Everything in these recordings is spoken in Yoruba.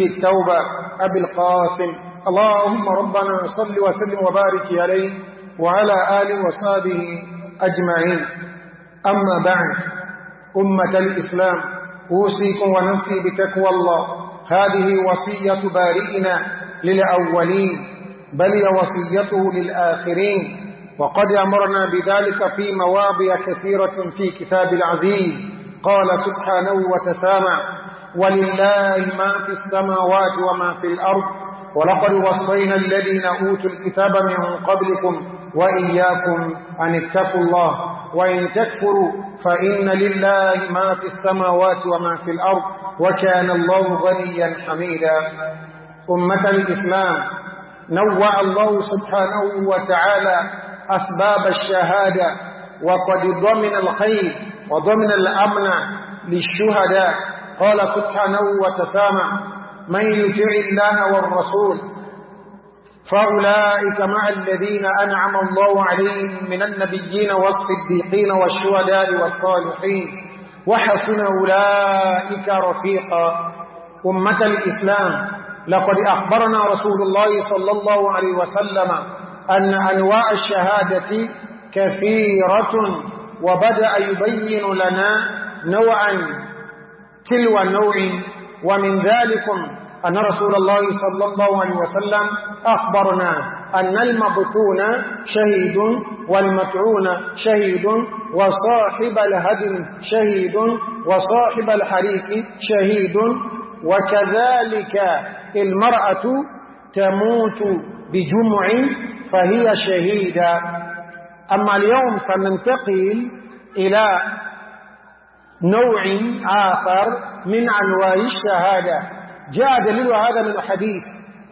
فيه التوبة أبي القاسم اللهم ربنا صل وسلم وبارك عليه وعلى آله وصحبه أجمعين أما بعد أمة الإسلام أوصيكم ونفسي بتقوى الله هذه وصية بارئنا للأولين بل وصيته للآخرين وقد أمرنا بذلك في مواضع كثيرة في كتاب العزيز قال سبحانه وتسامع ولله ما في السماوات وما في الأرض ولقد وصينا الذين أوتوا الكتاب من قبلكم وإياكم أن اتقوا الله وإن تكفروا فإن لله ما في السماوات وما في الأرض وكان الله غنيا حميدا أمة الإسلام نوع الله سبحانه وتعالى أسباب الشهادة وقد ضمن الخير وضمن الأمن للشهداء قال سبحانه وتسامع من يطع الله والرسول فأولئك مع الذين أنعم الله عليهم من النبيين والصديقين والشهداء والصالحين وحسن أولئك رفيقا أمة الإسلام لقد أخبرنا رسول الله صلى الله عليه وسلم أن أنواع الشهادة كثيرة وبدأ يبين لنا نوعا تلو النوع ومن ذلك أن رسول الله صلى الله عليه وسلم أخبرنا أن المبتون شهيد والمتعون شهيد وصاحب الهدم شهيد وصاحب الحريك شهيد وكذلك المرأة تموت بجمع فهي شهيدة أما اليوم سننتقل إلى نوع آخر من أنواع الشهادة جاء دليل هذا من الحديث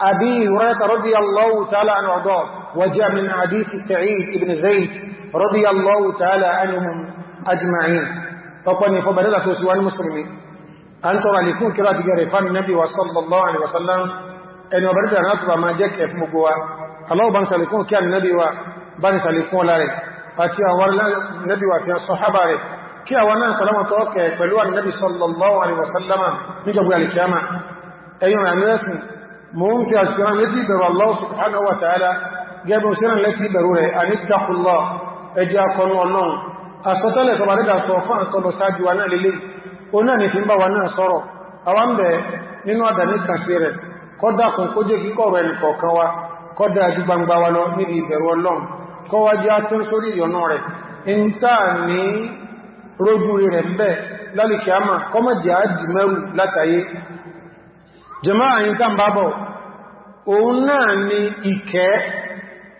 أبي هريرة رضي الله تعالى عنه وارضاه وجاء من حديث سعيد بن زيد رضي الله تعالى عنهم أجمعين فقال فبدل توسوى المسلمين أن عليكم كلا تجاري فان النبي صلى الله عليه وسلم أن يبرد أن أطبع ما جاك مقوى الله بان سالكون كان النبي بان سالكون لاري أتيا ورلا النبي وأتيا الصحابة لك kí àwọn náà pẹ̀lọ́mọ̀ tó kẹ pẹ̀lú annabi sallallahu alaihi wasallama ní gbogbo alkiyama ẹ̀yìn ramẹ́sìn mo ń fi àṣírán létí bẹ̀rù Allah subhanahu wa ta'ala gẹ́bẹ̀ òṣírán létí bẹ̀rù rẹ̀ a ní takùnlọ ẹjẹ́ akọni ọlọ́run asọ́tọ́lẹ̀ tó bá rí dàsọ fún àkọlọ sáájú wa náà lélẹ̀ o náà ní fi ń bá wa náà sọ́rọ̀ àwọn bẹ̀ nínú àdàní kàṣí rẹ̀ ní rójú rẹ̀ mẹ́ lálìkì àmà kọmọ̀ jẹ́ àjì mẹ́rù látàyé jẹmọ́ àyíká ń bábọ̀ òun náà ni ìkẹ́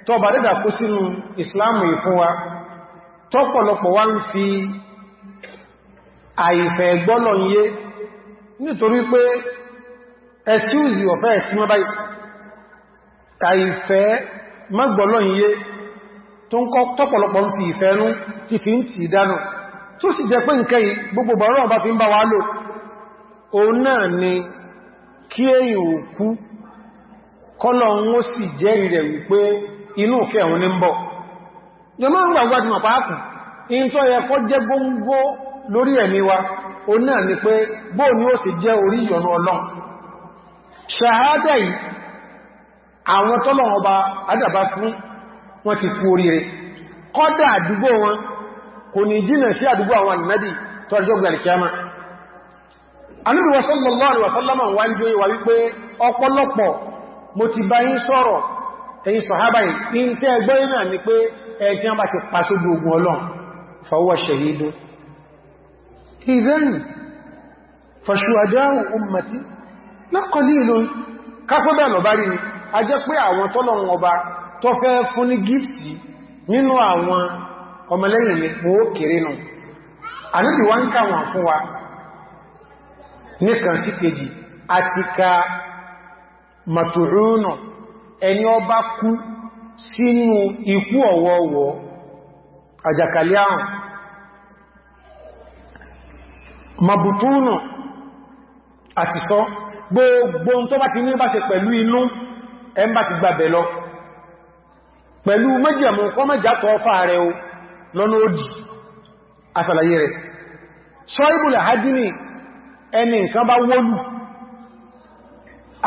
tó bá dẹ́dà kó sínú ìsìláàmù ìfún wa tọ́pọ̀lọpọ̀ wá ń fi àìfẹ́ gbọ́lọ̀ yé nítorí pé excuse ọ̀fẹ́ ẹ̀sìn mọ́ báyìí àìfẹ́ fi ń tì tó sì jẹ́ pé nǹkan yìí gbogbo bọ̀rọ̀ ọba fi ń bá wa lò òun náà ni kí èyí òkú kọ́lọ̀ ń sì jẹ́ rẹ̀ wípé inú òkè ẹ̀hún ní ń bọ̀ jọmọ́ ń gbàgbà tí màpáàkù in tó yẹ kọ́ jẹ́ góngó lórí ẹ̀mí wa òun náà ni pé bóò ni ó sì jẹ́ orí ìyọnu ọlọ́n ṣàhádà yìí àwọn tọ́lọ̀ ọba adàbá fún ti kú oríire kò ní jìnà sí àdúgbò àwọn annabi tó ọjọ́ gbẹ̀rẹ̀kíyàmá anúbí wasallallahu alaihi wasallama wà ń jóyíwa wípé ọpọlọpọ. mo ti bá yí sọ̀rọ̀ ẹ̀yin sọ̀hábà yìí tẹ́ ẹgbọ́ ìrìnà ni pé ẹ̀tí bá ti pé àwọn tọ́lọ̀ ọba tó fẹ́ fún ní gífì nínú àwọn ọmọlẹ́yìn mi mú ó kéré nù àníbì wá ń káwọn fún wa níkan sí kejì àti ka màtòrúnà ẹni ọba kú sínú ikú ọ̀wọ̀ọ̀wọ̀ àjàkálẹ̀ àrùn màbùtúnà àti sọ gbogbo tó bá ti ní bá ṣe pẹ̀lú inú ẹmbá ti gbàbẹ̀ lọ pẹ̀lú mẹ́jẹ̀mù kọ́ mẹ́jà tọ́ fà rẹ̀ o lọ́nà òdì asàlàyé rẹ̀ sọ ìbùlẹ̀ hajjini ẹni nǹkan bá wọ́lù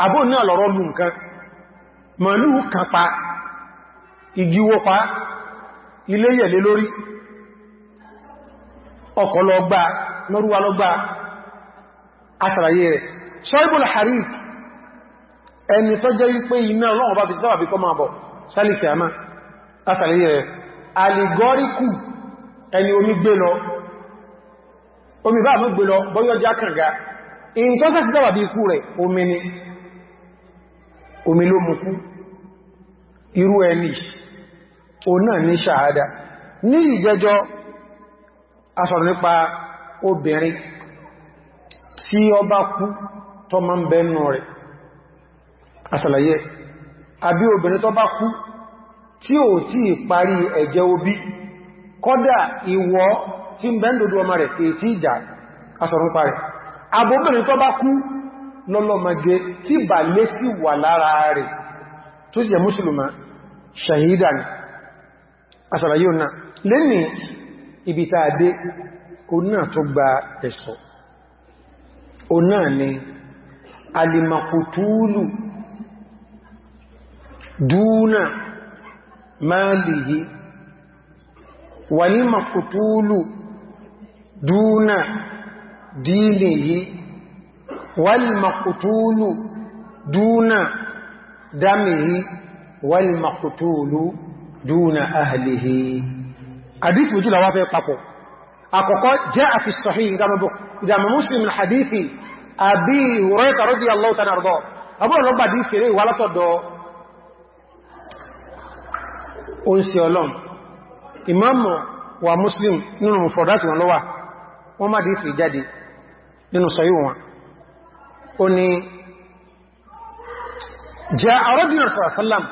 àbò náà lọ́rọ̀ lù nǹkan màálù kan pa pa ilé yẹ̀lé lórí ọkọ̀ lọ́gbà lọ́rúwà lọ́gbà asàlàyé rẹ̀ sọ ìbùlẹ̀ harik ẹni tó wípé iná ọlọ́run bá fi aligọ́ríkù ẹni omi gbé lọ omi bá mú gbé lọ bọ́yọ́ já kànga in tó sẹ́sí dáwà bí ikú rẹ̀ omi ni omi ló mú kú irú ẹni o náà ní ṣàhádà ní ìjẹjọ́ asọ̀rọ̀ nípa obìnrin tí ó bá kú tó máa ń bẹ́nu rẹ̀ asàlàyé àbí obìnrin tó bá kú tí ò tí parí ẹ̀jẹ̀ obi kọ́dà ìwọ tí ń bẹ́ndòdó ọmọ rẹ̀ tèè tí ìjà asọ̀rún parẹ̀ abóbìnrin tó bá kú lọ́lọ́mọge tí bà lé sí wà lára rẹ̀ tó jẹ́ mùsùlùmá ṣàhídà alimakutulu dúnà ماله والمقتول دون دينه والمقتول دون دمه والمقتول دون أهله حديث وجود وافي قبو أقوى جاء في الصحيح إذا مسلم الحديث أبي هريرة رضي الله تعالى أرضاه أبو ربا دي سيري ولا تدو ó ń ṣe ọlọ́m ìmáàmù wa muslim nínú mọ̀fọ̀dáti wọn lọ́wà wọ́n má dìí fi jáde nínú sọ́yí wọn ó ní jẹ́ àrọ́dínà sàrásálàm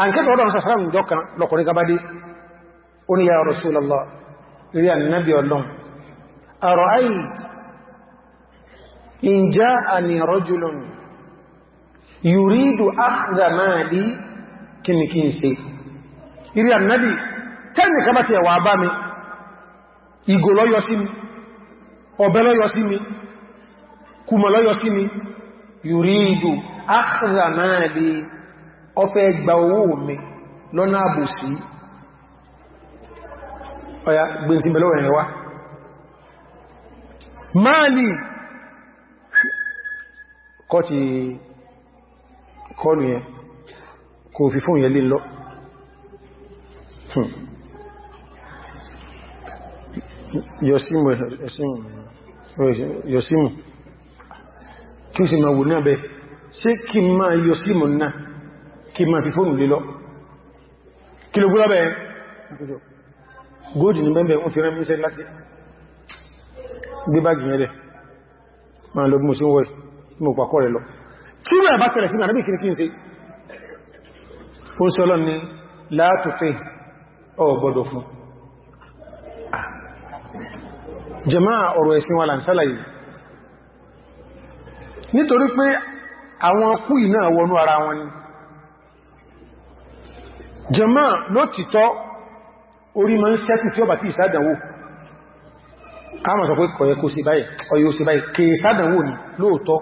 àǹkẹ́kọ̀ọ́ ọ̀dọ̀ sàrásálàm dọ́kan lọ́kùnrin gabadé أرأيت إن جاءني رجل يريد أخذ مالي كم كنسي ìrí ànábì tẹ́lì kan bá ti ẹ̀wà bá mi ìgò lọ́yọ sí mi ọ̀bẹ lọ́yọ sí mi kùmọ̀ lọ́yọ sí mi yuridu akhza mali ọfẹ́ gba owó mi lọ́nà àbòsí ọya gbẹ̀ntí bẹ̀lọ́wẹ̀ mali kọ́ ti kọ́ nìyẹn kò fi fún ìyẹn lè lọ́pọ̀ yọsímù hmm. yọsímù kí o sì máa wò náà bẹ ṣé kí máa yọsímù náà kí máa fi fóònù lé lọ kí ló gúrọ́ bẹ góòdì ní bẹ́ẹ̀ wọ́n fi rán mísẹ́ láti gbé báàgì yẹn rẹ̀ máa lọ bí mo sí wọ́n mo pàkọ́ rẹ̀ lọ kí rẹ̀ bá sẹ̀rẹ̀ sí màá nábì kìrìkì ń se ọgbọ́dọ̀ fún jàmáà ọ̀rọ̀ ẹ̀sìn wa làmsálà yìí nítorí pé àwọn kú iná wọnú ara wọn ni jàmáà lótìtọ́ orí ma ń sẹ́kù tí ó bá ti ìsádànwò a mọ̀ sọ pé kọ̀yẹ kó sí báyìí ọ̀yẹ́ òsì báyìí kè sádànwò ni lóòtọ́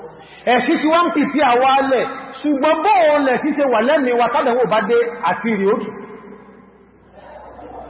ẹ̀sí tí wọ́n pìtì àwọ́ alẹ̀ ṣùgbọ́n bóòlẹ̀ sí se wà lẹ́ni wa sádànwò bá dé àṣírí òtù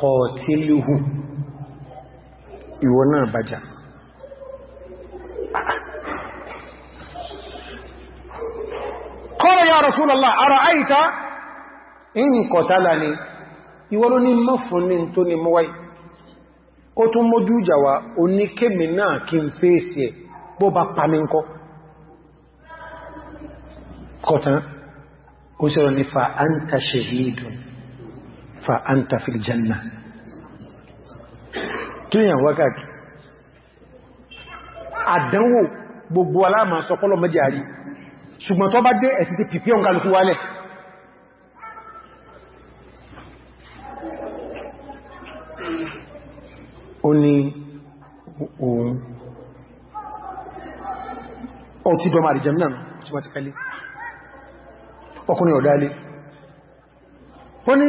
kọtílùhù ìwọ náà bàjá kọ́rọ̀ ya Rasulullah ara àìta in kọtálà ni ìwọ ló ní mọ́fún ní tó ní mọ́wáì kó tún mójú ìjàwà náà kí n fèsì ẹ̀ bó bá pàmí ńkọ́ kọtán ó sẹ́rọ nífà anta shahidun fa anta fil janna kíyàn wákàtí àdánwò gbogbo aláàmà sọpọ́lọ mẹ́jẹ̀ àrí ṣùgbọ́n tó bá dé ẹ̀sì ti pìpí ọ̀n kálukú wálẹ̀ ó ní òun ó ti dọ́mà àrìjẹ̀m náà tí wọ́n ti pẹ́lé ọkùnrin ọ̀dálé wọ́n ní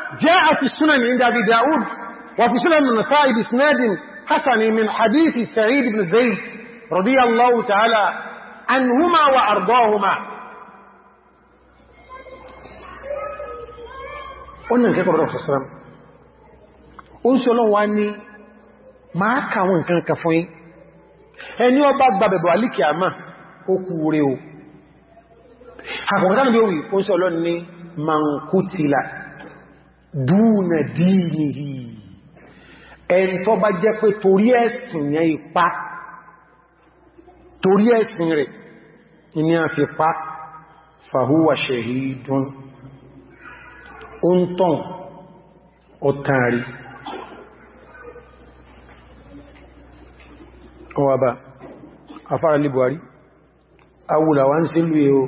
جاء في السنن عند أبي داود وفي سنن النسائي باسناد حسن من حديث سعيد بن زيد رضي الله تعالى عنهما وأرضاهما قلنا نكاك بردك صلى الله عليه وسلم قلت الله واني ما كان كان كفوين ẹni ọba gbàbẹ̀bọ̀ alíkì àmà okù rẹ̀ o àkọ̀kọ̀tánà bí ó wì ó ń sọ ọlọ́ni mankutila dúnà dínìhì ẹni tó bá jẹ́ pé torí ẹ̀sìn yẹn ipá torí ẹ̀sìn rẹ̀ ní a fi pa fàhúwà ṣẹ̀hìdún ó ń tàn ọ̀tàrí ọwà bá afára lè buhari awùlà wá ń sílú ẹ̀ o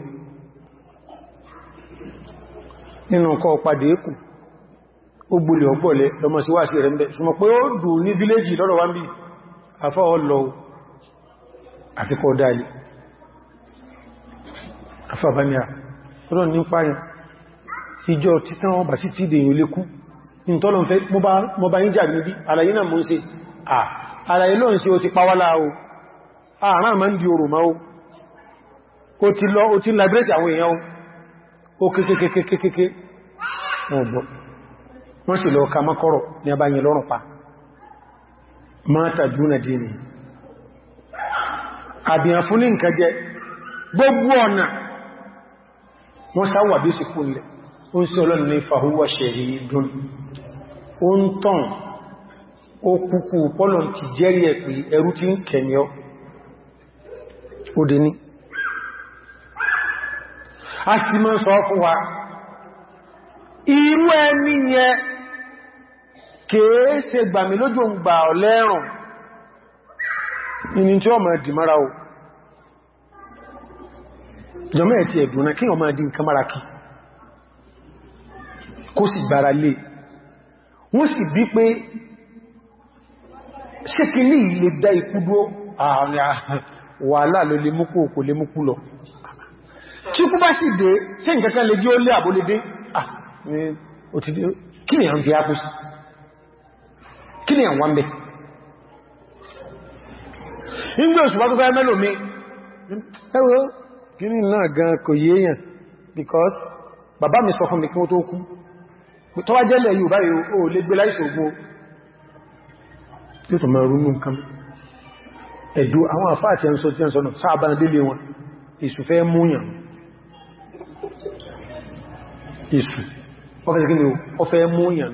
nínú kọ́ padà ẹkùn ó gbolè ọgbọ̀lẹ̀ lọmọ sí wá sí rẹ̀ mẹ́ ṣùgbọ́n pé ó dùn ní fíléjì lọ́rọ̀ wá ń bí afá ọlọ àfikọ́ dáadé afá bámíà ọlọ́run ní páyàn ìjọ tí tán ọba sí ti dèyàn lékú ní tọ́lọ̀n fẹ́ mọ́ bá ń jà níbi àlàyé náà mọ́ sí ọgbọ̀n wọ́n sì lọ ka mọ́kọ́rọ̀ ní abáyìn lọ́rùn pa àdìyàn fún ní nǹkan jẹ gbogbo ọ̀nà wọ́n sáwà bí sì kúnlẹ̀ ó ń sí ọlọ́nà ní fàhúwà ṣẹ̀rí dùn ó ń tàn ó kúkú pọ́lọ̀ ti jẹ́rí ẹ̀ pé ti ń kèé ṣe gbàmí lójú ń gbà ọ̀lẹ́rùn ìní tí ó máa dì mara o jọmọ́ ẹ̀ ti ẹ̀dùn náà kí o máa dì nǹkan mara kí kó sì gbára lé wọ́n sì bí pé ṣé lè dá ikú ààrin wàhálà ló lè mú kú lè mú kú ah kí ni à ń fi ápùsì kí ni àwọn mẹ́ ìgbé òṣùpá tó fẹ́ mẹ́lò mi ẹwọ́ because bàbá mi sọ fún mi kí wọ́n tó kú tọ́wà jẹ́lẹ̀ yóò báyìí ó lè gbé láìsògbó yóò tó mẹ́rọ rúnmù nǹkan ẹ̀dù àwọn àfáà tí a ń sọ tí a ń sọ́nà sáàbá délé wọn èṣù fẹ́ múyàn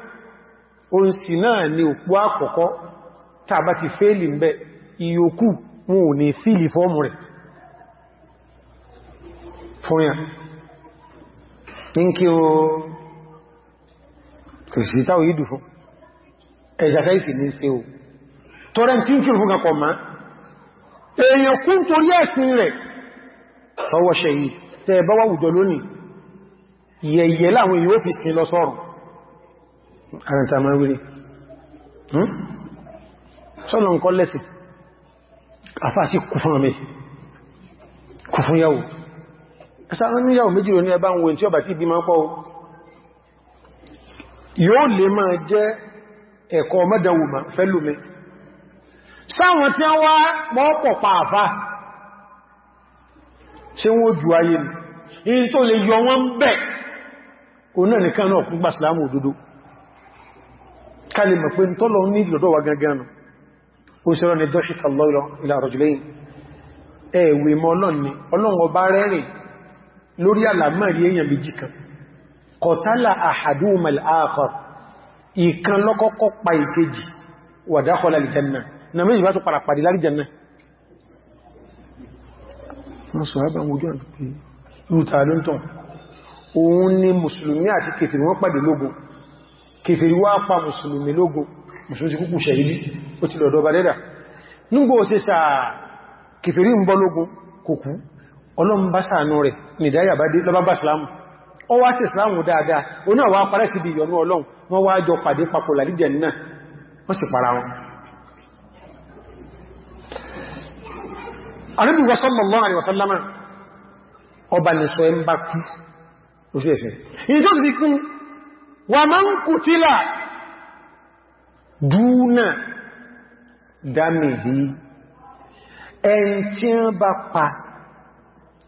òǹsì náà ni òpó àkọ́kọ́ tàbá ti fèèlì ń bẹ ìyókù wọn ò ní fíìlì fọ́ọ̀mù rẹ̀ fúnyà ní kí o kìrìsìtà ò yídù fún ẹ̀ṣàṣẹ́ ìsì ní ṣe o tọ́rẹ tí ń kí fún kakọ̀ ma èèyàn kún torí ẹ̀sìn rẹ̀ fọwọ́ ṣe yìí tẹ́ẹ̀bá wà wùjọ lónìí yẹ̀yẹ̀ láwọn èèyàn ó fi sin lọ sọ́rùn àrẹ̀ta máa wírí hmm? sọ́nà ń kọ́ lẹ́sì àfáà sí kù fún ọmọ kù fún yàwó ẹsà ń ní yàwó méjì rò ní ẹbá ń wo tí ọba tí ìbímọ pọ̀ yóò lè máa jẹ́ ẹ̀kọ́ mọ́dànwò ma fẹ́lùmí sáwọn tí wọ́n wá pọ̀ pa kalẹ̀ mọ̀ pé tọ́lọ ní lọ́dọ̀ wa gangan nù ó ṣe rọ́ni dọ́ṣíkà lọ́rọ̀ ila rajulayn ẹ̀wẹ̀ mọ́ ọlọ́ni ọlọ́run ọba rẹ́rìn lórí àlàmọ́rí èèyàn méjì kan qatala ahaduhuma al-akhar ìkan lọ́kọ́kọ́ pa ìkejì wa dakhala al-janna na méjì bá tó para pàdé lárí janna òun ni mùsùlùmí àti kèfèrí wọ́n pàdé lógun kèfèrí wá pa mùsùlùmí lógo mùsùlùmí kúkú ṣẹ̀yìdí ó ti lọ́dọ̀ balẹ́dà nígbò ó sì sàá kèfèrí ń bọ́ lógo kò kú ọlọ́mbá sàánú rẹ̀ nìdáyà bá dé lọ́bá bá sàlámù ó wá sí sàlámù dáadáa ó náà wá parẹ́ sí ibi ìyọnú ọlọ́run wọ́n wá jọ pàdé papọ̀ làlíjẹ̀ náà wọ́n sì ẹ ń bá kú òṣèṣẹ́ ìjọ́ ti wa man kutila dúnà dámìhì ẹn tí ń bá pa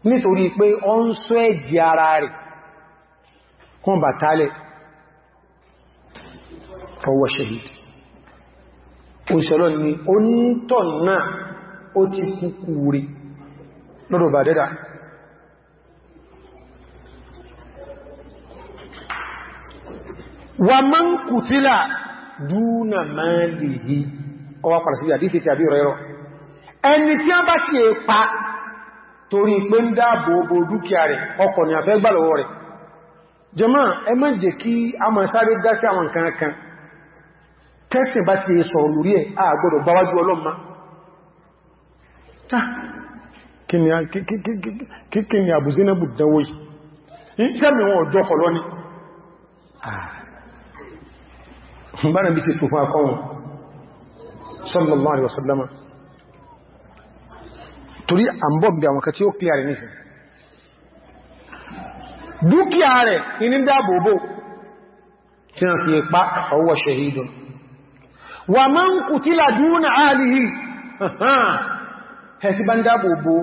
nítorí pé ọ ń sọ ẹ̀jì ara rẹ̀ kún bàtálẹ̀ fọwọ́ ṣehìdì òṣèlọ́ ni ó ń tọ̀ náà ti kúkú rí lọ́dọ̀ bàdẹ́dà wa man kutila dúnà máàlìhì ọwá padà sí àdífẹ́ ti àbí rẹ̀rọ ẹni tí a bá ti pa torí pé ń dáàbò bo dúkìá rẹ̀ ọkọ̀ ni a fẹ́ gbà lọ́wọ́ rẹ̀ jàmá ẹ má jẹ́ kí a máa sáré dá sí àwọn nǹkan kan tẹ́sìn bá ti sọ̀rọ̀ lórí ẹ̀ a gbọ́dọ̀ gbáwájú ọlọ́mà kí ni àbùzínàbù dánwó yìí ṣẹ́mì wọn ọjọ́ fọ̀lọ́ ni ah bára bí sí tó fún akọ́wọ̀n sallallahu alaihi wasallam torí àmbọ̀bí àwọn kàtí ó kíyà rẹ̀ nìsìn dúkìá rẹ̀ iní dáàbòbò tí wọ́n fi pa huwa shahidun wa man qutila duna ahlihi ẹ̀sí bá ń dáàbòbò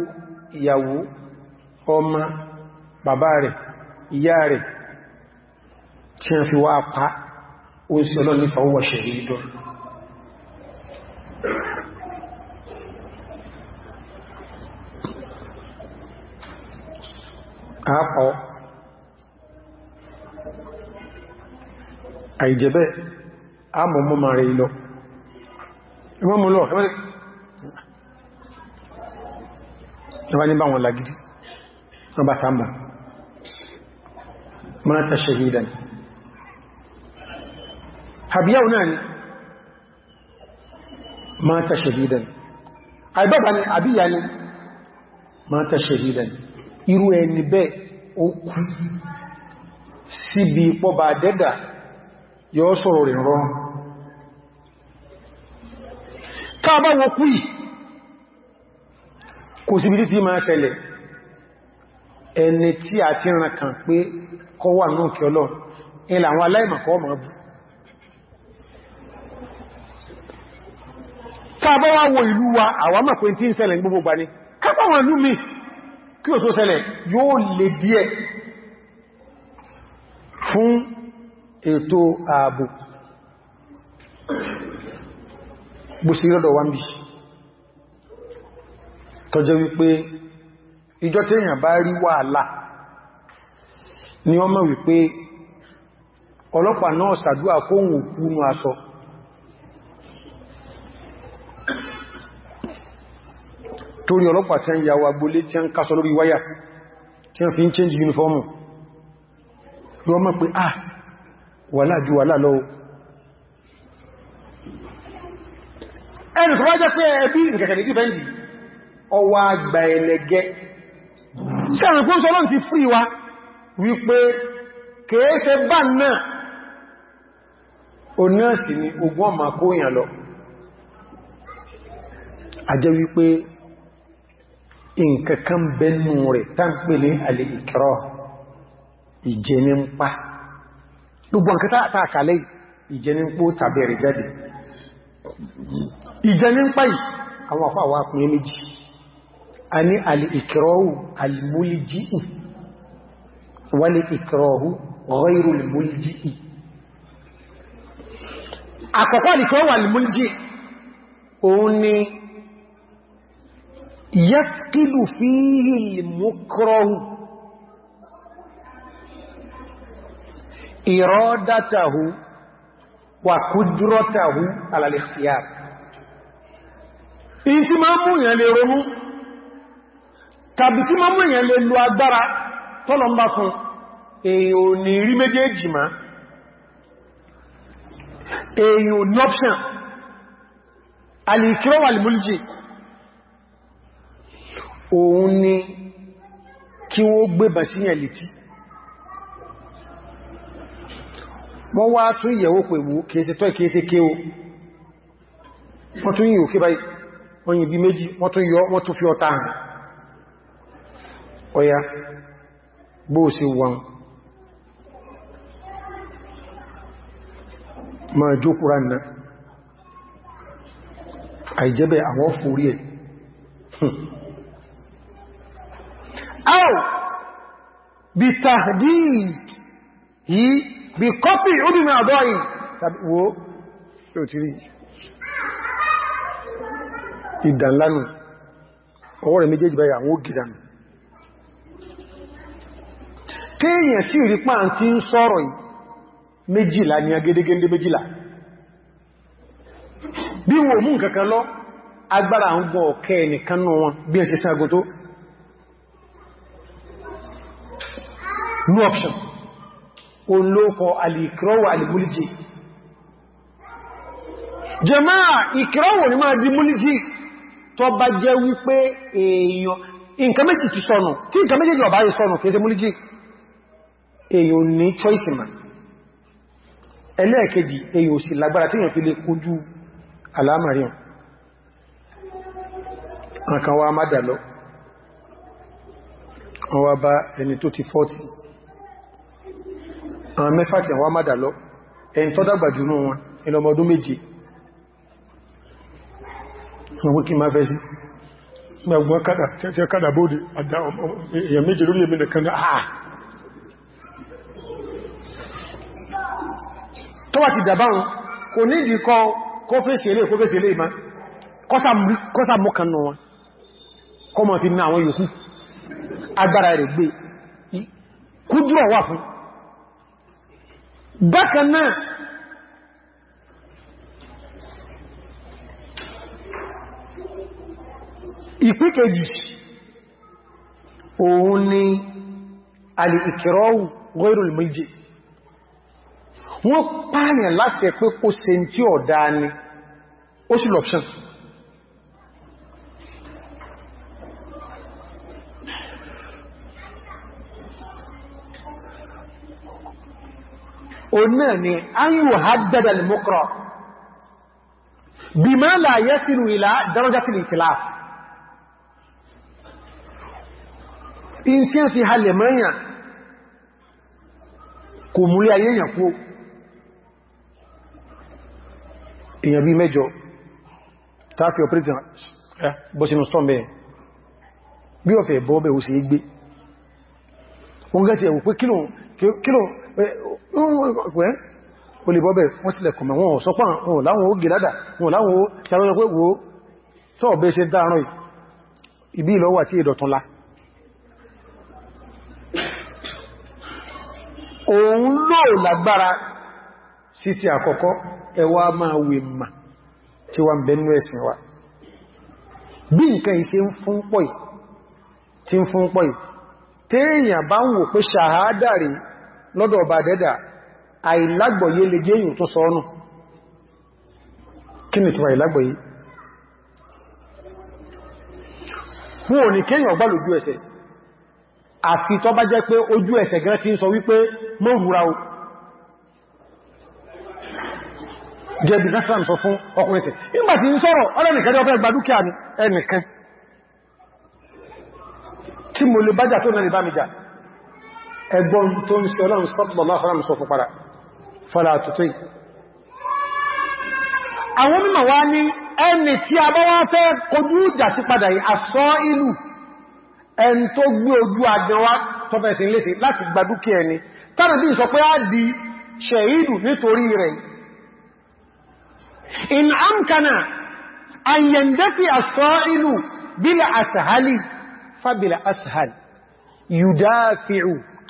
ìyàwó ọmọ bàbá rẹ̀ ìyá rẹ̀ tí wọ́n fi wá pa ó ń sí ọlọ́ni fàwọ́wà ṣẹ̀rí ìdọ́ àápọ̀ àìjẹ̀bẹ́ àmọ̀ mọ́ ma rẹ̀ ìlọ ìwọ́n mú lọ ẹwà ní bá wọn lagidi ọba tàbà mọ́nà tàṣẹ̀rí ìdánì àbíyàwó náà ni mata shahidan àìbàbà ni àbíyà ni mata shahidan irú ẹni bẹ́ẹ̀ ó kú síbi pọ́bà dẹ́dà yóò sọ̀rọ̀ rẹ̀ rọrùn káàbá wọ kú yìí kò síbi tí máa ṣẹlẹ̀ ẹni tí a ti ràn pé kọwà náà kí ọlọ́ ilẹ̀ àwọn aláìmọ̀kọ́ máa bú tàbọ́ wá wo ìlú wa àwámà pé tí ń ṣẹlẹ̀ gbogbo gbà ní kápáwọn ìlú mi kí o tó ṣẹlẹ̀ yóò lè díẹ̀ fún ètò ààbò gbòsí lọ́dọ̀ wá ń bí tọ́jẹ́ wípé ìjọ tí èyàn bá rí wàhálà ni ọmọ wípé ọlọ́pàá náà ṣàdúrà kóhùn òkú nù aṣọ torí ọlọ́pàá tí a ń yàwó agbólé tí a ń kásọ lórí wáyà tí a fi ń change uniform yọ mọ́ pé ah wà láàájú wà láàlọ́ ẹni tó bá jẹ́ pé ẹbí ìkẹ̀kẹ̀lẹ̀ tí fẹ́ndì ọwà àgbà ẹlẹ́gẹ́ sí àwọn ìpín sọ́lọ́n ti fún ìwá wípé wípé nkankan bẹnu rẹ̀ tánkpé ní alẹ́ ìkẹrọ ìjẹni ń pa gbogbo nǹkan tààkàlẹ̀ ìjẹni ń pó tàbí rẹ̀ jáde ìjẹni ń pa yìí àwọn afọ́ àwọn akùnrin méjì a ní alẹ́ ìkẹrọ alìmúlìjíì wálé ìkẹrọ ghayru alìmúlìjíì àkọ́kọ́ alìkẹrọ òun ni يثقل فيه المكره إرادته وقدرته على الاختيار إن تمامو يليرونو tàbí tí mọ́mú èèyàn lè lo agbára tọ́lọmbá fún èèyàn ò ní rí méjèèjì máa èèyàn ò ní option alìkírọ́wà lè múlìjì òun ni kí wọ́n gbébà sí yẹn létí wọ́n wá tún ìyẹ̀wó pẹ̀wò kèése tọ́ ìkèése kéo wọ́n tún yìí òkè báyìí wọ́n yìí bí méjì wọ́n tún yọ wọ́n tún fi ọta hàn ọya bóò sí wọn ma jókúra nà àìjẹ́bẹ̀ àwọn fòrí ẹ̀ أو بتهديد بقطع عدم أعضائي wo yóò ti rí ìdànlánù ọwọ́ rẹ̀ méjèèjì báyìí àwọn ògìdànù kéèyàn sí rí pàà tí ń sọ̀rọ̀ yìí méjìlá ní agédégédé méjìlá bí wọ́n mú nǹkankan lọ agbára àwọn ọ̀kẹ́ ẹnìkan náà wọn bí ẹ̀ṣẹ̀ṣẹ́ agotó no option o ló kọ alìkírọ́wò alìmúlìjì jẹmáà ìkírọ́wò ní máa di múlìjì tó bá jẹ́ wípé èèyàn nǹkan méjì ti sọnù tí nǹkan méjì ọ̀bá yìí sọnù kìí ṣe múlìjì èèyàn ní choice man ẹlẹ́ẹ̀kejì èèyàn sì lágbára tí èèyàn fi lè kojú alámàríàn nǹkan wa má dà lọ wọ́n wá bá ẹni tó ti 40 àwọn mẹ́fà tí àwọn amádà lọ ẹni tó dàgbà jù nú wọn ìlọmọdún méje ọgbọ́n kí máa fẹ́ sí gbogbo kádà bóòdì èyàn méje lórí èmì nìkan náà tó wà ti dàbáhùn kò nídìí kọ kó fèsì ilé kó fèsì ilé ìmá kọ́sà mọ́kànnà wọn kọ́ mọ̀ fi ní àwọn yòókù agbára rẹ̀ gbé kúdúrọ̀ wà fún bákan náà ìpíkejì òun ni alìkìrọ́wù gọ́rù méjì wọ́n pààyàn láti ẹ̀pẹ́ kó se tí ọ̀dá ni ó sì lọ́pṣán náà ni ayò haddada al-muqra bí máa la yasiru ila darajatil ikhtilaf in tí ń fi halẹ̀ mẹ́yàn kò múlé ayéyàn kú èyàn bí mẹ́jọ tàbí ọ̀pẹ́rẹ́tì bọ́sínú storm bí ọ̀fẹ́ bọ́ ó sì gbé wọ́n gẹ́ kílò pẹ́ olèbọ́bẹ̀ wọ́n sílẹ̀ kọ̀mẹ̀ wọn sọpá wọn láwọn ó gìládà wọn láwọn ó ṣàrọ́yọ pé wo tọ́ bẹ́ ṣe dáàrán ìbí ìlọ́wà tí ìdọ̀túnlá òun lò lágbára sí ti àkọ́kọ́ ẹwà máa wè mà tí wà bẹ nínú ẹ̀sìn wa bí nǹkan ìṣe lọ́dọ̀ ọba dẹ́dà àìlágbọ̀yé lè jẹ́ yìí tó sọ ọ́nà kí ni tó àìlágbọ̀yé fún òní kéyàn gbá ẹsẹ̀ àfi ti ń sọ wípé mọ́ rúra o jẹ́bi násìlám sọ fún ọkùnrin tẹ̀ tí gba dúkìá ẹnìkan mo le bájà tó ẹgbọ́n tó ń ṣe ọlọ́run sallallahu alaihi wasallam sọ fún padà fọ́lá tuntun àwọn mímọ̀ wá ní ẹni tí a bá wá fẹ́ kojú ìjà sí padà yìí àṣọ ìlú ẹn tó gbé ojú àjẹwá tọ́fẹ́sìn léṣe láti gba dúkìá ẹni tánà bí sọ pé á di ṣẹ̀ìdù nítorí rẹ̀ in amkana an yandafi ìlú bila asahali fabila asahali yudafi'u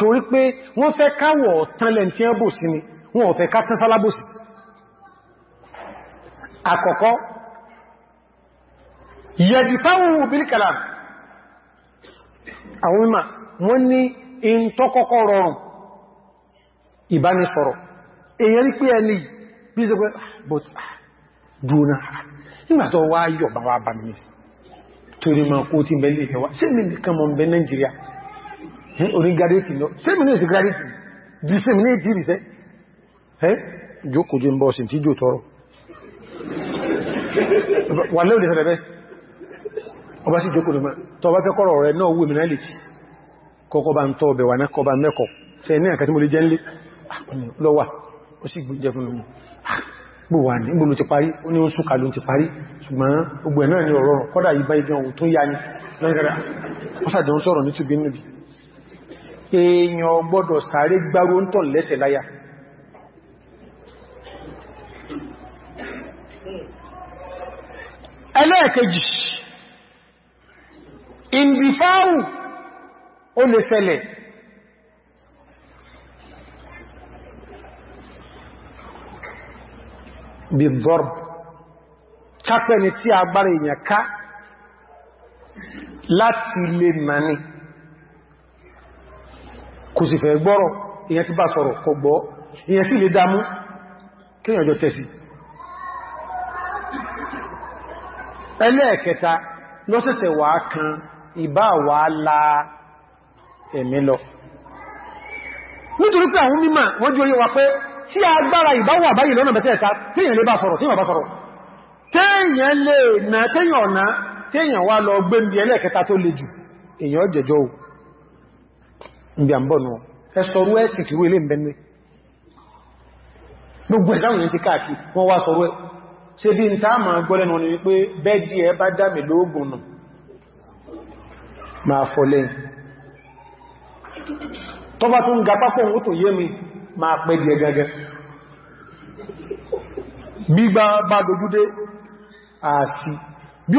torí pé wọ́n fẹ́ káwọ̀ tánlẹ̀ tí ẹ́ bò sí ni wọ́n fẹ́ ká tán sálábòsì àkọ́kọ́ yẹ̀dì fáwọn bílìkàlà àwọn mímọ̀ wọ́n ní in tọ́kọ́kọ́ rọrùn ìbánisọ̀rọ̀ èyàn rí pé ẹni bí i ṣe pé ah, but ah, dúnà nígbàtọ̀ wá yọ̀ bá wá bá torí ma kó tí bẹ́lẹ̀ ìfẹ́wà sí mi nìkan mọ̀ bẹ́ oní gradétì lọ same ní èsì gradétì bí same ní ètì ìrìsẹ́ ẹ́ jókòó jẹ́ ń tí jò tọrọ wà lẹ́ò lè fẹ́ bẹ́ ọba sí jókòó lè máa tọ́ bá fẹ́ kọ́rọ̀ rẹ̀ náà wù mìíràn lè tí kọ́kọ́ bá ń tọ́ ọbẹ̀ wà náà kọ́ bá mẹ́kọ̀ fẹ́ ní àkàtí mo lè jẹ́ ń lé ah, lọ́wà ó sì jẹ́ fún mi ah, wà ní ti parí ó ní ó ni ọ̀rọ̀ èèyàn gbọ́dọ̀ sáré gbáró ń tọ̀ lẹ́sẹ̀ láyá ẹlẹ́ẹ̀kejì ìndìfáàrù ó lè ṣẹlẹ̀ bí dọ́rọ̀ kápẹ́ni tí agbára èèyàn ká láti lè mani kò sì fẹ́ gbọ́rọ̀ ìyẹn ti bá sọ̀rọ̀ kò gbọ́ ìyẹn sì lè dámú kíyàn jọ tẹ́sì ẹlẹ́ẹ̀kẹta lọ́sẹ̀sẹ̀ wà kan ìbá wà la ẹ̀mí lọ nítorí pé àwọn mímọ̀ wọ́n jú wa pé tí agbára ìbá wà báyìí lọ́nà tíyàn lè bá sọ̀rọ̀ tíyàn bá sọ̀rọ̀ lè nà ọ̀nà wá lọ gbé ń bí ẹlẹ́ẹ̀kẹta tó le jù jẹjọ́ ohun mbi àmbọ̀nù ẹsọ̀rú ilé ìbẹ̀mẹ́ gbogbo ẹ̀sáwọn yẹn káàkì wọ́n wá sọ̀rọ̀ ẹ̀ ṣe bí n ma gbọ́lẹ́nu ni wípé bẹ́ẹ̀dì ẹ bá dámì lóògùn ma fọ́ ma di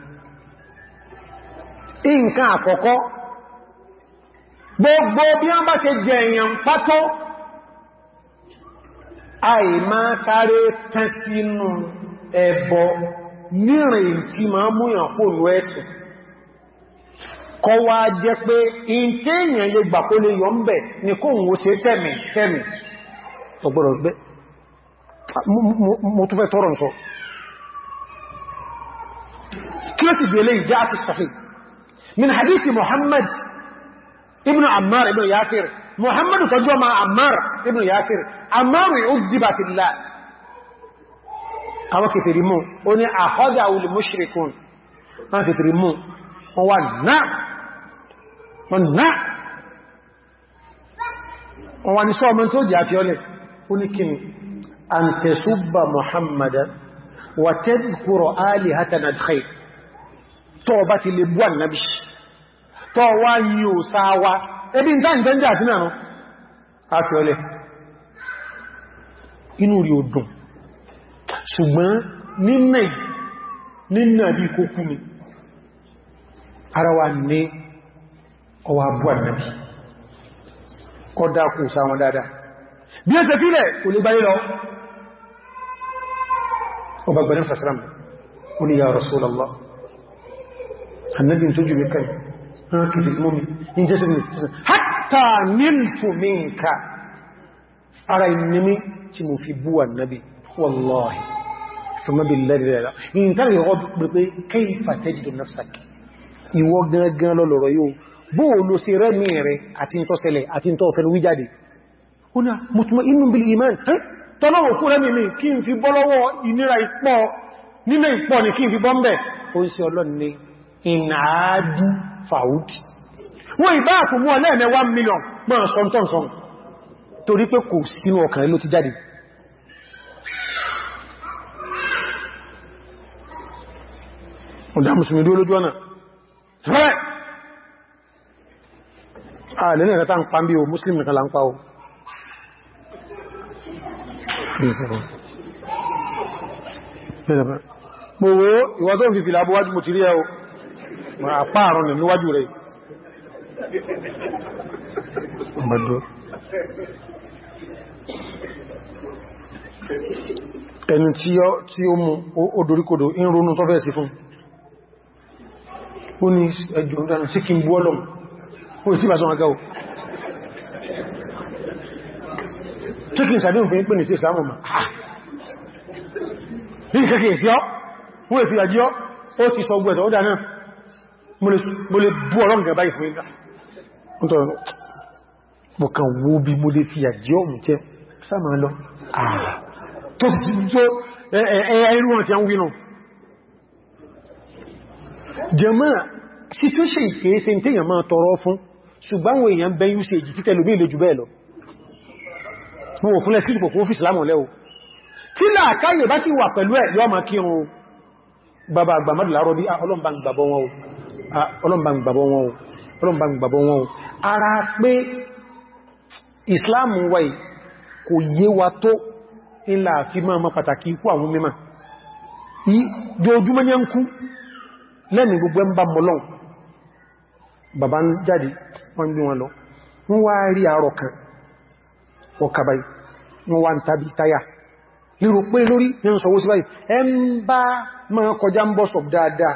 nǹkan àkọ́kọ́ gbogbo bí wọ́n bá ṣe jẹ èèyàn pátó àì máa sáré tán sínú ẹbọ nírìn tí máa múyàn pòlú ẹ̀sìn kọ wá jẹ́ pé ìntẹ́ èèyàn lè gbà kó lè yọ bẹ̀ ní kò ń wo tẹ́mì tẹ́mì ọgbọ̀rọ̀ gbé من حديث محمد ابن عمار ابن ياسر محمد تجوى مع عمار ابن ياسر عمار في الله قوى كترمو وني أخذوا المشركون ما كترمو هو النع هو النع هو نسوى من توجي أتيولي ولكن أن تسب محمد وتذكر آلهة ندخيه tọ́ ọba ti lè bú ànìyàbí tọ́ wá yí ò sáwá ẹbí ìta ìjẹ́jẹ́ àti náà àfi inú rí odùn ṣùgbọ́n nínẹ̀ nínà bí kó mi ara wa ní ọwà bú ànìyàbí kọ́dá kù sáwọn dáadáa bí ẹ́ tẹ́fílẹ̀ kò lè gbáyé lọ ọba gbẹ̀rẹ̀ oníyà annabi tó jù mẹ́kàn rán kìdì mọ́mí in jẹ́ sínú hátà níltù mínka ara ìnimi tí mo fi bú annabi wallahi ṣùgbọ́n bí lẹ́rẹ̀lẹ́rẹ̀ in tàbí ọ̀rọ̀ pẹ̀pẹ́ kayfa tajidu nafsaki ìwọ gangan lọ́lọ́rọ̀ yóò bó ló sí rẹ̀ ní ẹ̀rẹ́ àti ń tọ́sẹlẹ̀ àti ń tọ́fẹ́ wíjáde una mutma'innun bil iman tọ́lọ́wọ̀ kú rẹ̀mì mi kí n fi bọ́lọ́wọ́ ìnira ìpọ̀ nílé ìpọ̀ ní kí n fi bọ́m̀bẹ̀ ó ọlọ́ni ìnàádú fàúdì wọ́n ìbá àkùnmú ọlẹ́ẹ̀mẹ́ 1 million gbọ́nà sọ́ntọ́nsọ́n torí pé kò sínú ọkàn ló ti jáde ọ̀dá musulmi dúró lójú ọ̀nà rẹ̀ ààlẹ́ ní ẹ̀kẹta ń pa bí o muslim nìkan la ń pa o mo wo ìwọ́n tó ń fi fìlà abúwájú mo ti rí ẹ o àpáàrùn lè níwájú rẹ̀ ẹni tí ó mú odòríkodò ń ronú tó fẹ́ sí fún ó ní ẹjọ́ ìdánù sí kí n bú ọlọ́m ó tí bá sọ ọgá o tí kí n sàdé òfin pè ní sí ìsàmù ma ní ìkẹ́kẹ́ ìsíọ́ wọ́n èfìyàjíọ́ ó ti sọ gbẹ̀tọ̀ ó dá náà mo lè bú ọlọ́rùn gẹ̀rẹ̀ báyìí fún ìgbà ń tọrọ mo kàn wo bí mo lè fi àjí ọmọ jẹ́ sáàmà lọ àà tó ti tó ẹ̀ẹ́ irú wọn ti ń wínú jẹ́mọ́ situation ìkéése tí èyàn máa tọrọ fún ṣùgbọ́n àwọn èèyàn bẹ́ usage títẹ̀ lómi ìlejù bẹ́ẹ̀ lọ mo wò fún lẹ́sí ìpòkún fìsì lámọ̀ lẹ́wọ̀ tí làákáyè bá sì wà pẹ̀lú ẹ̀ yọ́ ma kírun bàbá àgbàmọ́dù láàrọ̀ bí ah, ọlọ́mbà ń gbàbọ́ wọn o Ah, ọlọ́mbàgbàbọ̀ wọn ara pé Islam wáyé kò yé wa tó ilá àfi máa mọ́ pàtàkì ikú àwọn mímọ̀ ìjọjúmọ́ ní ẹnkú lẹ́mì gbogbo ẹ ń bá mọ́lọ́n bàbá ń jáde wọ́n bí wọn lọ wọ́n wá rí àárọ̀ kan ọkàbáyì wọ́n wá ń tàbí táyà lérò pé lórí ní ń sọ wó sí báyìí ẹ ń bá máa kọjá ń bọ́ stop dáadáa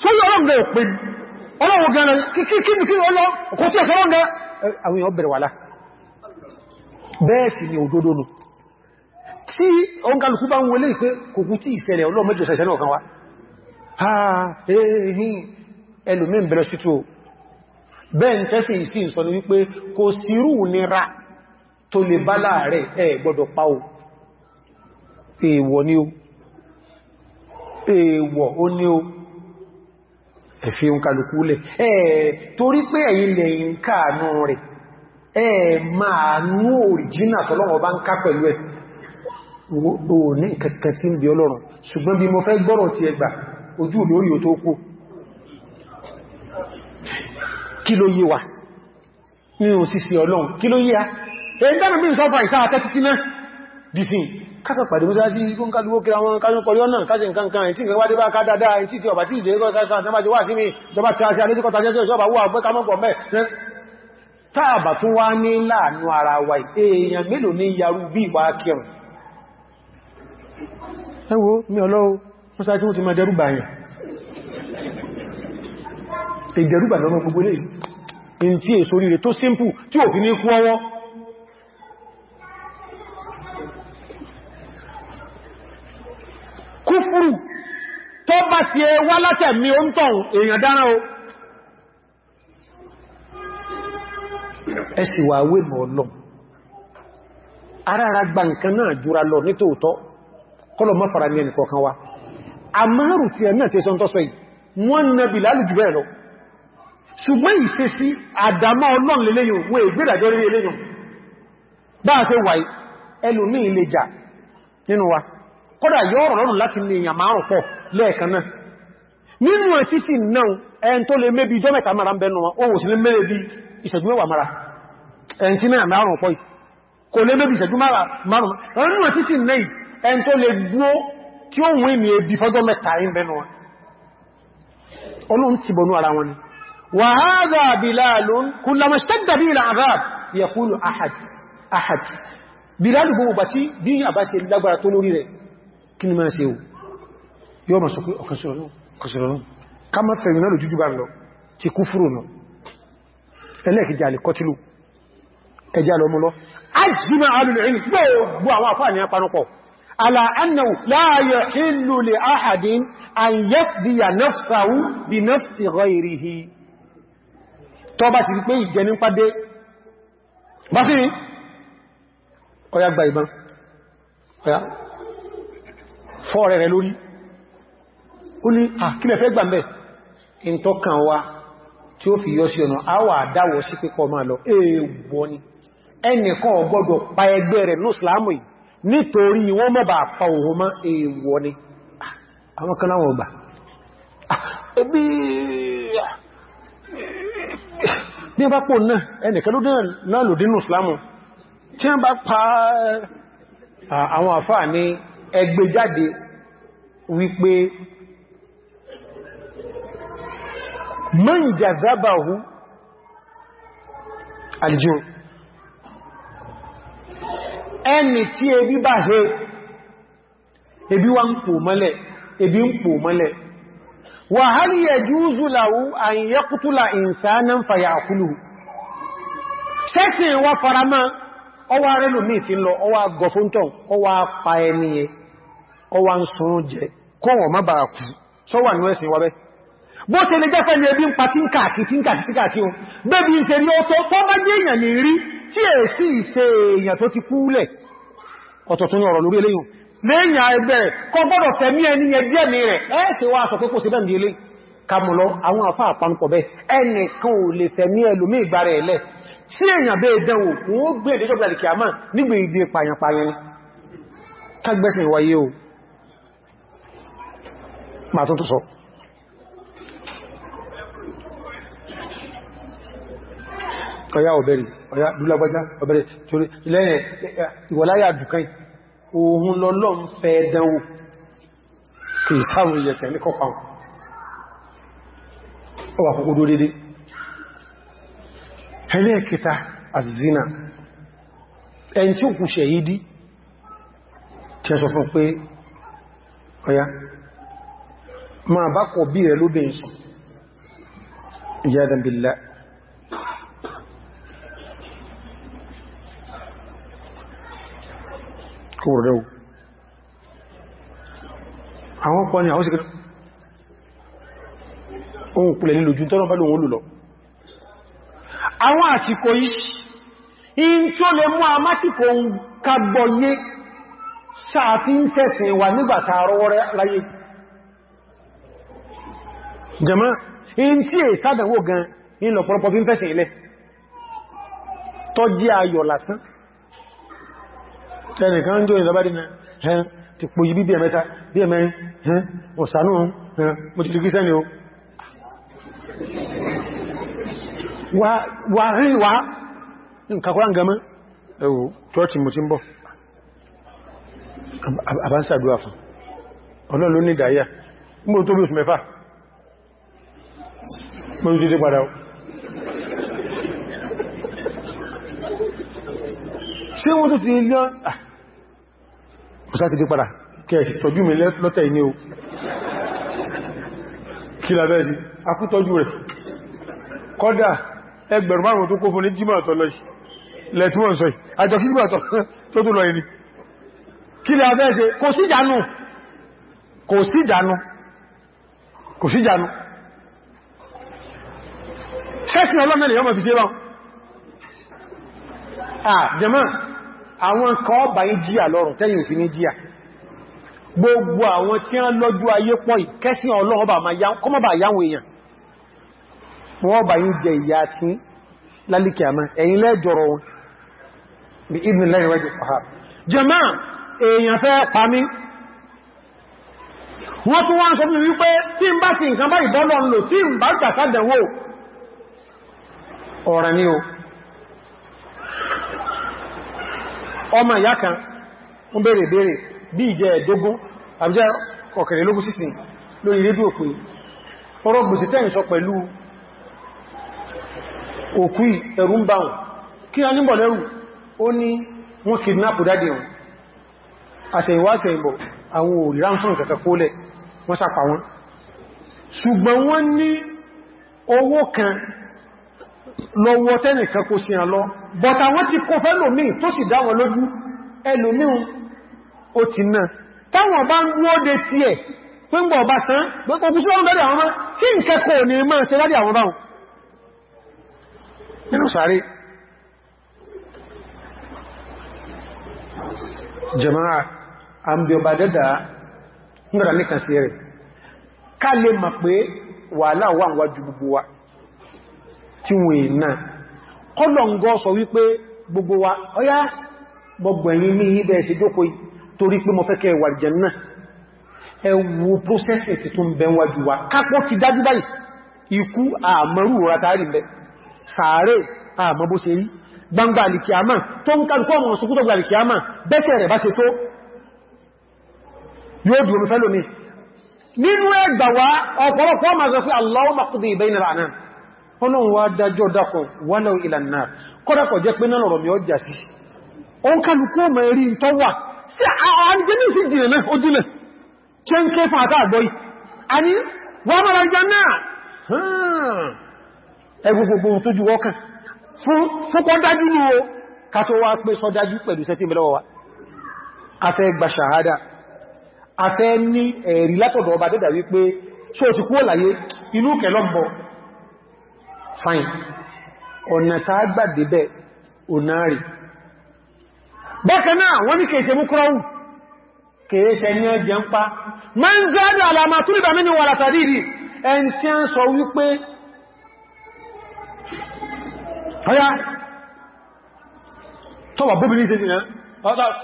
sórí ọlọ́gbẹ̀ òpè ọlọ́wọ̀ gan kíkíkí ọlọ́ ọkọ̀ tí ẹ̀sọ́ ọlọ́gbẹ̀ àwọn èèyàn bẹ̀rẹ̀ wàlá bẹ́ẹ̀ sì ni òdodo nù tí òun kálukú bá ń wọlé ìpé kòkú tí ìṣẹ̀lẹ̀ ọlọ́ Èèwọ̀ ni ó, èèwọ̀ ó ní ó, ẹ̀fí ń kálukú lẹ̀ ẹ̀ẹ̀ torí pé ẹ̀yin lẹ̀yìn káànú rẹ̀ ẹ̀ẹ̀ máa nú òrìjínà tọ́lọ́wọ́ bá ń ká pẹ̀lú ẹ̀ o ní kẹ̀kẹ́ tí ń bí ọlọ́run ṣùgbọ́n bí mo fẹ́ gbọ́rọ̀ ti ẹgbà ojú lórí o tó kú kí ló yíwa nínú sísí ọlọ́run kí ló yíwa èyí tẹ́mì bí sọ́fà ìsáà tẹ́tí sí náà kákà pàdé mọ́sá sí ikú nǹkan lúwó kíra wọn kájọ́ kọrí ọ̀nà kájẹ̀ nǹkan kan ìtí nǹkan wádé bá ká dáadáa ìtí tí ọba tí ìdè ẹgbẹ́ sáà tán bá jẹ́ wà sí mi ìjọba tí a ṣe alẹ́jọ́kọta jẹ́ ìṣọ́ba wà bẹ́ kámọ́ pọ̀ mẹ́ tààbà tó wá ní láàánú ara wa èèyàn mélòó ní yarú bí ìwà kírùn ẹ wo mi ọlọ́wọ́ mọ́sá tí wọ́n ti máa dẹ́rùbà yẹn ìdẹ̀rùbà lọ́nà gbogbo lè in tí èso rí rẹ̀ tó fi ní kú ọwọ́ kúfùrù tó bá ti ẹ wá látẹ̀mí o ń tọ̀hún èèyàn dára o ẹ̀sì wà wébọ̀ ọlọ́ arára gba nǹkan náà jura lọ nítòótọ́ kọlọ mọ́ fara ní ẹnìkọ̀ọ̀kan wa a márùn ti ẹ̀nà tí sọ́ntọ́ sọ yìí wọ́n na Bìlálù jù bẹ́ẹ̀ lọ ṣùgbọ́n ìṣesí àdámọ́ ọlọ́n lélẹ́yìn wọ́n ègbèrè àjọ́ lélẹ́yìn bá a ṣe wáyé ẹlòmí ilé jà nínú wa kódà yọ́rọ̀ lọ́nà láti ní èèyàn márùn pọ̀ lẹ́ẹ̀kan náà nínú ẹ̀tí sí náà ẹn tó lè mébí ijọ́ mẹ́ta mara ń bẹnu wọn ohun sí lè mẹ́rẹ̀ bí ìṣẹ́jú mara ẹn tí mẹ́rin márùn pọ̀ kò lè mébí ìṣẹ́jú márùn nínú bàtí bí àbáṣe lágbára tó lórí rẹ̀ kí ni máa ṣe o yóò máa sọ pé ọ̀kànṣẹ̀rọ̀lọ́n ká má fẹ̀yìn náà lójújú bá lọ ti kú fúrò náà ẹlẹ́ẹ̀kìjà lè kọtílù ẹjá lọ mú ọya gba ìbọn ọya fọ́ọ̀rẹ́ rẹ̀ lórí ó ní àkílẹ̀ ah, fẹ́ gbàmbẹ̀ in tó kàn wá tí ó fi yọ sí ọ̀nà àwà àdáwọ̀ sí pípọ̀ ma lọ èèwọ̀ ni ẹnìkan pa ẹgbẹ́ rẹ̀ lóòsìlámù yìí nítorí wọ́n mọ́ ah, ah, bá pa òhun mọ́ Egbejade jáde wípé mọ́njà Aliju ẹni tí ebi bá ebi wa ń pò mọ́lẹ̀ ebi ń pò mọ́lẹ̀ wà hálì yajuzu lahu an yaqtula insanan fayakuluhu ṣẹ́sìn wa faramá ọwá rẹ̀lùmí ti lọ ọwá gọfúntọ̀ ọwá ọwá ń sọrún jẹ kọ́wọ̀ má bàrà kú sọ́wà ní ẹ̀sìn wọ́bẹ́ bó ṣe lè jẹ́fẹ́ ní ẹbí ń pa tínkà kí tínkà kí tínkà kí ohun bẹ́bí ṣe ní ọ̀tọ̀ tó bá jẹ́ èèyàn lè rí tí è sí ìṣe èèyàn tó ti kúlẹ̀ ọ̀tọ̀ tó ní ọ̀rọ̀ lórí eléyìn lẹ́yìn ẹgbẹ́ kọ gbọ́dọ̀ fẹ̀mí ẹni yẹn díẹ̀ ní rẹ̀ ẹ́ sì wá sọ pé kò sí bẹ́ẹ̀ ní ilé kàmùlọ máa tó tó sọ ọ̀yá ọ̀bẹ̀rẹ̀ ọ̀yá dúlágbájá ọ̀bẹ̀rẹ̀ torí lẹ́yìn ìwọ̀láyà dùkan ohun lọ́lọ́m fẹ́ dánwò kì sáàrùn ìyẹ̀fẹ̀ ní kọpa ọwà kòkòdó dédé ẹlẹ́ẹ̀kẹta azìdínà ẹn tí ó kù ṣẹ̀yí dí tí ẹ sọ fún pé ọ̀yá Ma bá kọ̀ bí rẹ̀ lóbin sùn iyadan billah kúrò rẹ̀ àwọn ọkọ̀ ni àwọn síkẹ́ ohun pùlẹ̀ nílò jù tọ́rọ bá lóhun olùlọ àwọn àsìkò yìí in tí ó lè mú àmásìkò kagbọ̀nyé sáàfin sẹ́sìn wà nígbàtà rọwọ́rẹ́ láyé Jama in tí è gan in lọ̀pọ̀lọpọ̀ fi ń fẹ́sẹ̀ ilẹ̀ tọ́ jẹ́ ayọ̀ lásán ẹnìkan jọ ìzọbádìna ti pò yí bí bí ẹ̀mẹ́ta bí ẹ̀mẹ́rin ẹn ọ̀sánú ẹn mo ti ni o wà ewu mo ti mọ́tún títí padà ṣe wọ́n tó ti lọ ọ̀sá títí padà kẹ́ẹ̀ṣì tọ́jú mi lọ́tẹ̀ ní o kí lábẹ́ sí akútọ́jú rẹ̀ kọ́dà ẹgbẹ̀rún márùn-ún tó kó fún ní jímọ̀ àtọ́lọ́ lẹ́tíwọ̀n sọ àjọ kí gbà tó tó lọ ẹni kí lábẹ́ sí kò sí ìjánu kò sí ìjánu kò sí ìjánu ṣẹ́sìn ọlọ́mọ ni yọ́ mọ̀ fi ṣe bá jẹmọ́ àwọn kan ọba yí jíyà lọ́rùn tẹ́yìn òfin ní jíyà gbogbo àwọn tí wọ́n lọ́jú ayé pọ̀ ìkẹ́sìn ọlọ́ọ̀bà yáwọn èèyàn wọ́n bá yí jẹ ìyà tí lálìkẹ̀ àmá ẹ̀yìn lẹ́jọrọ wọn bí ibn lẹ́yìn wájú ọ̀há jẹmọ́ èèyàn fẹ́ pàmí wọ́n tún wọ́n sọ fún mi wípé tí ń bá ti nǹkan bá ìbọ́lọ́ ń lò tí ń bá jàsádẹ̀wò ọ̀rẹ́ o ọmọ ìyá kan ń bèèrè bèèrè bí ìjẹ ẹ̀dógún ọ̀kẹ̀rẹ̀lógún sísìn lórí rédíò pé ọ̀rọ̀ gbèsè tẹ́ ìṣọ pẹ̀lú òkú ẹ̀rù ń bá wọn kí a lẹ́rù ó ní wọ́n kìdnápù dáadé wọn lọ́wọ́ tẹ́nìkan kó sí àlọ́ but àwọn ti kó fẹ́lòmí tó sì dá wọn lójú ẹlòmí ó ti náà táwọn bá ń dúó de ti ẹ̀ pé ń bọ̀ bá sán gbẹ́kọ̀ kú sí ọmọ lọ́dẹ̀ àwọn máa sí ìkẹ́kọ̀ọ́ ní máa ṣe lọ́dẹ̀ àwọn báhùn nínú sáré jama'a àmbíọba dẹ́dà ń gbọ́dà ní kan sí rẹ̀ ká lè gbogbo wa tí wọ́n èèna kọlọ̀ngọ́ sọ wípé gbogbo wa ọyá gbogbo ẹ̀yin ní ibẹ̀ ṣe jókòó torí pé mo fẹ́ kẹ́ wà Jánnà ẹ wo prósẹ́sì ti tún bẹ wájú wa kápọ́ ti dájú báyìí ikú àmọ́rù ratari mẹ́ sàárè àmọ́ bó ṣe rí gbangba alìkìámà tó ń kàrùkọ́ ọmọ ọ̀sọ̀kú tó gba alìkìámà bẹ́sẹ̀ rẹ̀ bá kọ́lọ̀n wá dájọ́ dákọ̀ wálọ̀ ìlànà kọ́dàkọ̀ jẹ́ pé náà rọ̀mí ọjà sí òun kálukú ọmọ ẹ̀rí tó wà sí àjẹ́mí sí jìnà náà ó jìnà ṣe ń kẹfà àtàgbọ́ì àní wọ́n mọ́ra jẹ́ náà ẹgbogbo tó ju ọkàn fúnkọ́ dájú ní o ká tó wá pé sọ dájú pẹ̀lú sẹ́tí mẹ́lọ́wọ́ wa ẹ̀rí látọ̀dọ̀ ọba dẹ́dà wípé ṣó ti kú ọ̀láyé inú kẹlọ́gbọ̀n fine ọ̀nà tàà gbàdé bẹ́ onáàrí bákanáà wọ́n ní kèèṣe mú kúrọ́wù kèèṣe ní ọjẹ́ ń pa ma ń zádà alàmà tó lìbà mẹ́ni wà látàrí rí ẹn tí a ń sọ wípé ọya tọ́wà bóbìnrin sí ìsìnà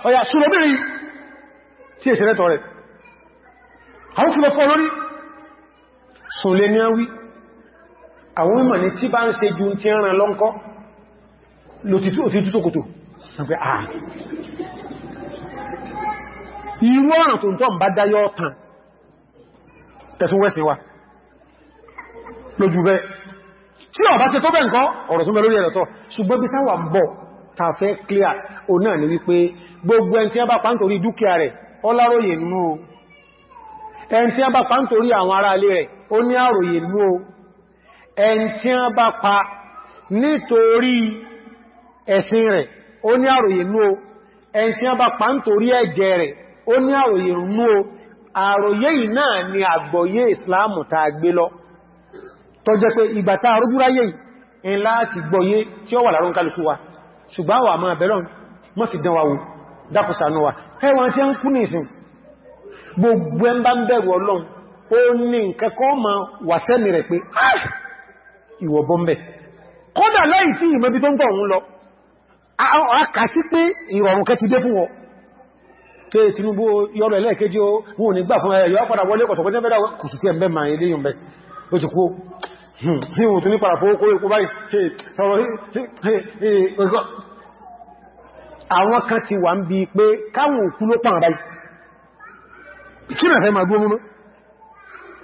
ọya súnmọ́bìnrin tí èṣẹ́ rẹ̀ tọ́ àwọn mímọ̀ ní tí bá ń ṣe ju tí ń ran lọ́nkọ́ lòtítútòkòtò ah. irú ọ̀ràn tó ń tọ́ bá dáyọ́ ọ̀tàn tẹ̀tún wẹ́sìn wa lójú bẹ́ tí ó bá ṣe tó bẹ́ nǹkan ọ̀rọ̀ tó mẹ́ lórí ẹ̀rẹ̀tọ́ ṣùgbọ́n bí táwà ń bọ̀ ta clear o náà ni wípé gbogbo ẹn tí a bá pa nítorí dúkìá rẹ̀ ọláròyè nú o ẹn tí a bá pa àwọn ará rẹ̀ ó ní àròyè nú o ẹn tí wọ́n bá pa nítorí ẹ̀sìn rẹ̀ ó ní àròyé nú o ẹn tí wọ́n bá pa nítorí ẹ̀jẹ̀ rẹ̀ ó ní àròyé nú o àròyé yìí ni àgbọ̀yé ìsìláàmù tá gbé lọ tó jẹ́ pé ìgbàtà arúgbúráyé in láti gbọ́yé tí ó wà lárún kálukú wa ṣùgbọ́n wà máa bẹ̀rọ̀ mọ́ fi dánwà wò dákùsànú wa ẹwọ́n tí ó ń kú ní ìsìn gbogbo ẹ ń bẹ̀rù Ọlọ́run ó ní nǹkan kan máa wà sẹ́mi rẹ̀ pé ìwọ̀bọ́m̀bẹ̀ kódà láì tí ìmẹ́bí tó ń tọ̀ òun lọ àkà sí pé ìrọ̀rùn kẹ́ ti dé fún wọn pé Tinubu yọ́rọ̀ ẹlẹ́ẹ̀kejì ó wọn ní gbà fún ẹ̀yọ́ padà wọlé kọ̀tọ̀kọ́ jẹ́ mẹ́rẹ̀ kò sì tí ẹ̀mẹ́ ma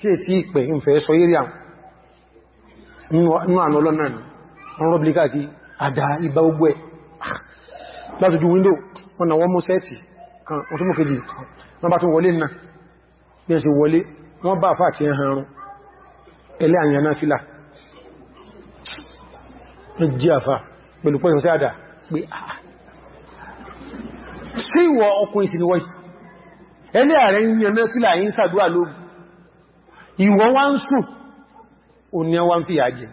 tí è tí ìpẹ̀ ìfẹ́ sọ yẹ́rí àwọn nínú àná ọlọ́nà ni wọ́n rọ́bí káàkì àdá ìbá ogbó ẹ̀ ah, látòjú wíńdò wọ́n na wọ́n mú sẹ́ẹ̀tì kan wọ́n tó mú kejì wọ́n bá tún wọlé náà bí ẹ̀sì wọlé wọ́n bá fà ti ẹ̀hàn rún ẹlẹ́ àyànná fílà jí àfà pẹ̀lú pẹ̀lú sí àdá ah, ah. ààrẹ yìnyàn mẹ́fílà yìí ń sàdúrà lóògùn ìwọ wá ń sùn ò ní ẹwà ń fi àjẹ́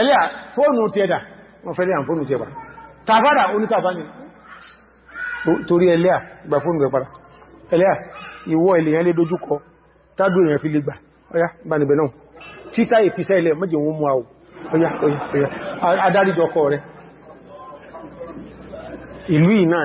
ẹlẹ́à fóònù ti ẹ̀dà wọ́n fẹ́lẹ́ àn fóònù ti ẹ̀bà tàbádà onítàbá ni torí ẹlẹ́à gbà fóònù rẹ̀ padà ẹlẹ́à ìwọ ènìyàn lè dojúkọ tádù èèyàn fi lè gbà ọya bá níbẹ̀ náà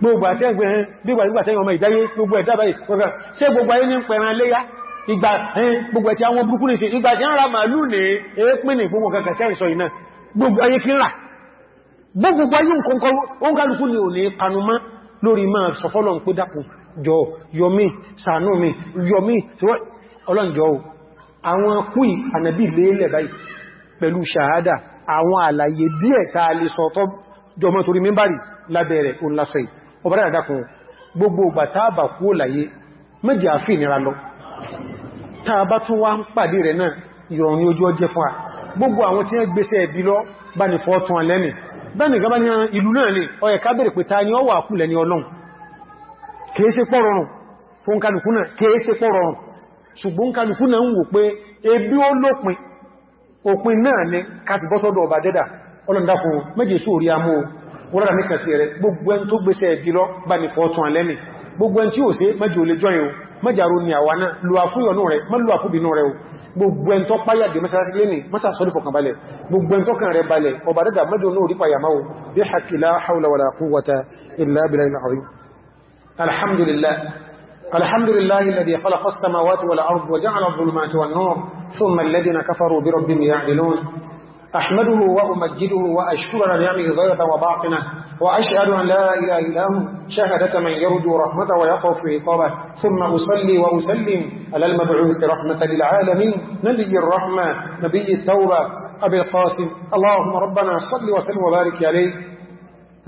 gbogbo àti ẹgbẹ̀ ẹn bí wà nígbàtẹ́ ọmọ ìdáyé gbogbo ẹ̀dá báyìí ọ̀gá ṣe gbogbo ayé ní pẹ̀rẹ̀ léyá ìgbà ẹn gbogbo ẹ̀tí àwọn burúkú ní ṣe ìgbà tí ń ra màálù ní èépín ní gbogbo kẹkẹ tẹ́ ìsọ iná gbogbo ayé kí ń rà gbogbo ayé òǹkàlùkù ni ò ní panumá lórí máa sọ fọ́lọ́n pé dákun jọ yọmí sàánú mi yọmí ọlọ́njọ́ àwọn kú ànàbí lélẹ̀ báyìí ọba dáadáa kun gbogbo ìgbà tá bá kú láyé méjì àfi ìnira lọ tá bá tún wá ń pàdé rẹ̀ náà ìrọ̀rùn ni ojú ọjẹ́ fún wa gbogbo àwọn tí wọ́n gbéṣẹ́ ẹbí lọ bá ní fọ́ọ̀tún alẹ́mì ni ọ wà kúlẹ̀ ní ọlọ́run kìí ṣe pọ̀ rọrùn fún kálukú náà kìí ṣe pọ̀ òpin náà ni ká ti bọ́ sọ́dọ̀ ọba dẹ́dà ọlọ́ndàkùn méjì sóòrí amóo wọ́n rà ní kàsí rẹ̀ gbogbo ẹn tó gbéṣẹ́ ẹ̀dì lọ bá ní pọ̀tún alẹ́mì gbogbo ẹn tí ó ṣe mẹ́jì ò lè jọ ìhun mẹ́jàrú ni àwa náà lùwà fún ìyọnú rẹ̀ mọ́lùwà fún ìbínú rẹ̀ o gbogbo ẹn tó páyà dé mẹ́sàrásí lẹ́nì mọ́sà sọ́dí fọkàn balẹ̀ الحمد لله الذي خلق السماوات والأرض وجعل الظلمات والنور ثم الذين كفروا بربهم يعدلون أحمده وأمجده وأشكر نعمه ظاهرة وباطنة وأشهد أن لا إله إلا هو شهادة من يرجو رحمة ويخاف عقابه ثم أصلي وأسلم على المبعوث رحمة للعالمين نبي الرحمة نبي التوبة أبي القاسم اللهم ربنا صل وسلم وبارك عليه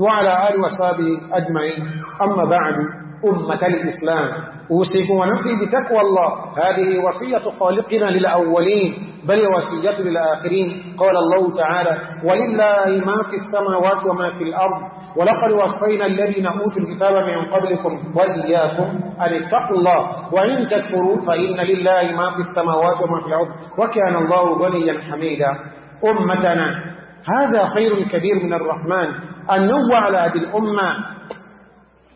وعلى آل وصحبه أجمعين أما بعد أمة الإسلام أوصيكم ونفسي بتقوى الله هذه وصية خالقنا للأولين بل وصية للآخرين قال الله تعالى ولله ما في السماوات وما في الأرض ولقد وصينا الذين أوتوا الكتاب من قبلكم وإياكم أن اتقوا الله وإن تكفروا فإن لله ما في السماوات وما في الأرض وكان الله غنيا حميدا أمتنا هذا خير كبير من الرحمن أن على هذه الأمة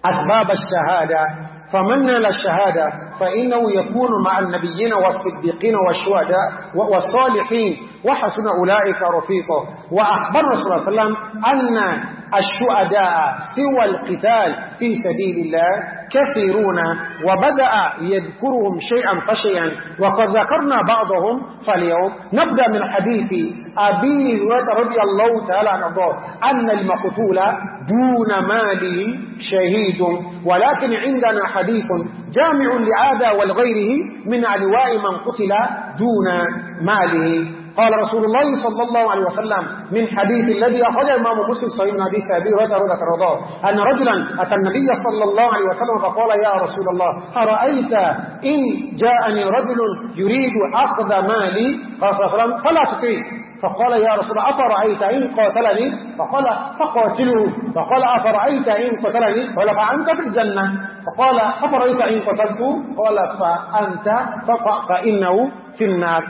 أسباب الشهادة فمن نال الشهادة فإنه يكون مع النبيين والصديقين والشهداء والصالحين وحسن أولئك رفيقه وأخبر صلى الله عليه وسلم أن الشهداء سوى القتال في سبيل الله كثيرون وبدأ يذكرهم شيئا فشيئا وقد ذكرنا بعضهم فاليوم نبدأ من حديث أبي رضي الله تعالى عنه أن المقتول دون ماله شهيد ولكن عندنا حديث جامع لأ هذا ولغيره من علواء من قتل دون ماله قال رسول الله صلى الله عليه وسلم من حديث الذي أخرج الإمام مسلم صحيح من حديث أبي هريرة رضي الله أن رجلا أتى النبي صلى الله عليه وسلم فقال يا رسول الله أرأيت إن جاءني رجل يريد أخذ مالي قال صلى الله عليه وسلم فلا تطيع فقال يا رسول الله أفرأيت إن قاتلني فقال فقاتله فقال أفرأيت إن قتلني قال فأنت في الجنة فقال أفرأيت إن قتلت قال فأنت فإنه في النار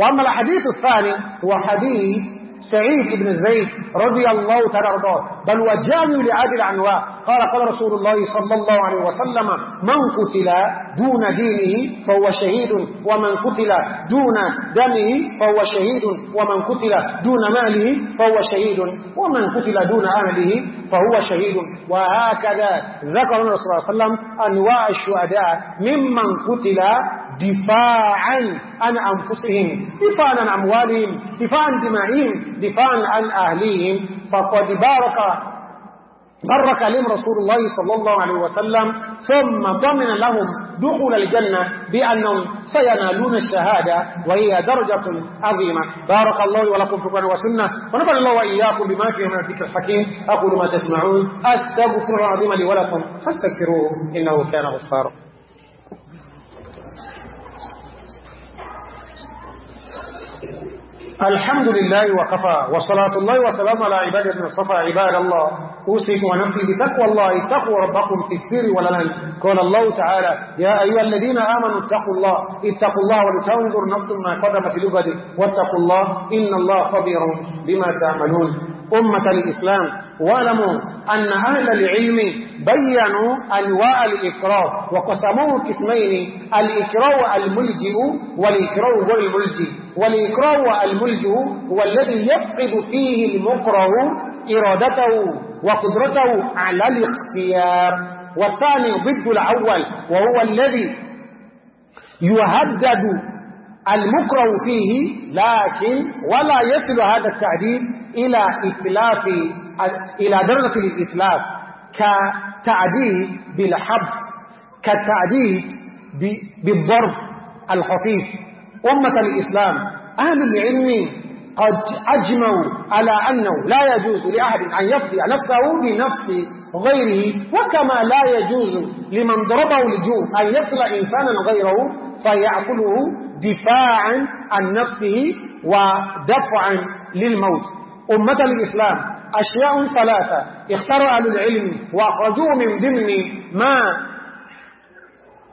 وأما الحديث الثاني هو حديث سعيد بن زيد رضي الله تعالى رضاه بل وجامع لعادل العنواء قال قال رسول الله صلى الله عليه وسلم من قتل دون دينه فهو شهيد ومن قتل دون دمه فهو شهيد ومن قتل دون ماله فهو شهيد ومن قتل دون عمله فهو شهيد وهكذا ذكر الرسول صلى الله عليه وسلم أنواع الشهداء ممن قتل دفاعا عن أنفسهم دفاعا عن أموالهم دفاعا عن دمائهم دفاعا عن أهليهم فقد بارك بارك لهم رسول الله صلى الله عليه وسلم ثم ضمن لهم دخول الجنة بأنهم سينالون الشهادة وهي درجة عظيمة بارك الله ولكم في وسنة والسنة الله وإياكم بما فيه من الذكر الحكيم أقول ما تسمعون أستغفر العظيم لي ولكم إنه كان غفارا الحمد لله وكفى وصلاة الله وسلام على عبادة الصفى عباد الله أوصيكم ونفسي بتقوى الله اتقوا ربكم في السر والعلن قال الله تعالى يا أيها الذين آمنوا اتقوا الله اتقوا الله ولتنظر نفس ما قدمت لبدي واتقوا الله إن الله خبير بما تعملون أمة الإسلام واعلموا أن أهل العلم بيّنوا أنواع الإكراه وقسموه قسمين الإكراه الملجئ والإكراه هو الملجئ والإكراه الملجئ هو الذي يفقد فيه المقرر إرادته وقدرته على الاختيار والثاني ضد الأول وهو الذي يهدد المكره فيه لكن ولا يصل هذا التعديد إلى إتلاف إلى درجة الإتلاف كتعديد بالحبس كتعديد بالضرب الخفيف أمة الإسلام أهل العلم قد أجمعوا على أنه لا يجوز لأحد أن يفضي نفسه بنفس غيره وكما لا يجوز لمن ضربه لجوء أن يفضي إنسانا غيره فيأكله دفاعا عن نفسه ودفعا للموت أمة الإسلام أشياء ثلاثة اخترع أهل العلم وأخرجوه من ضمن ما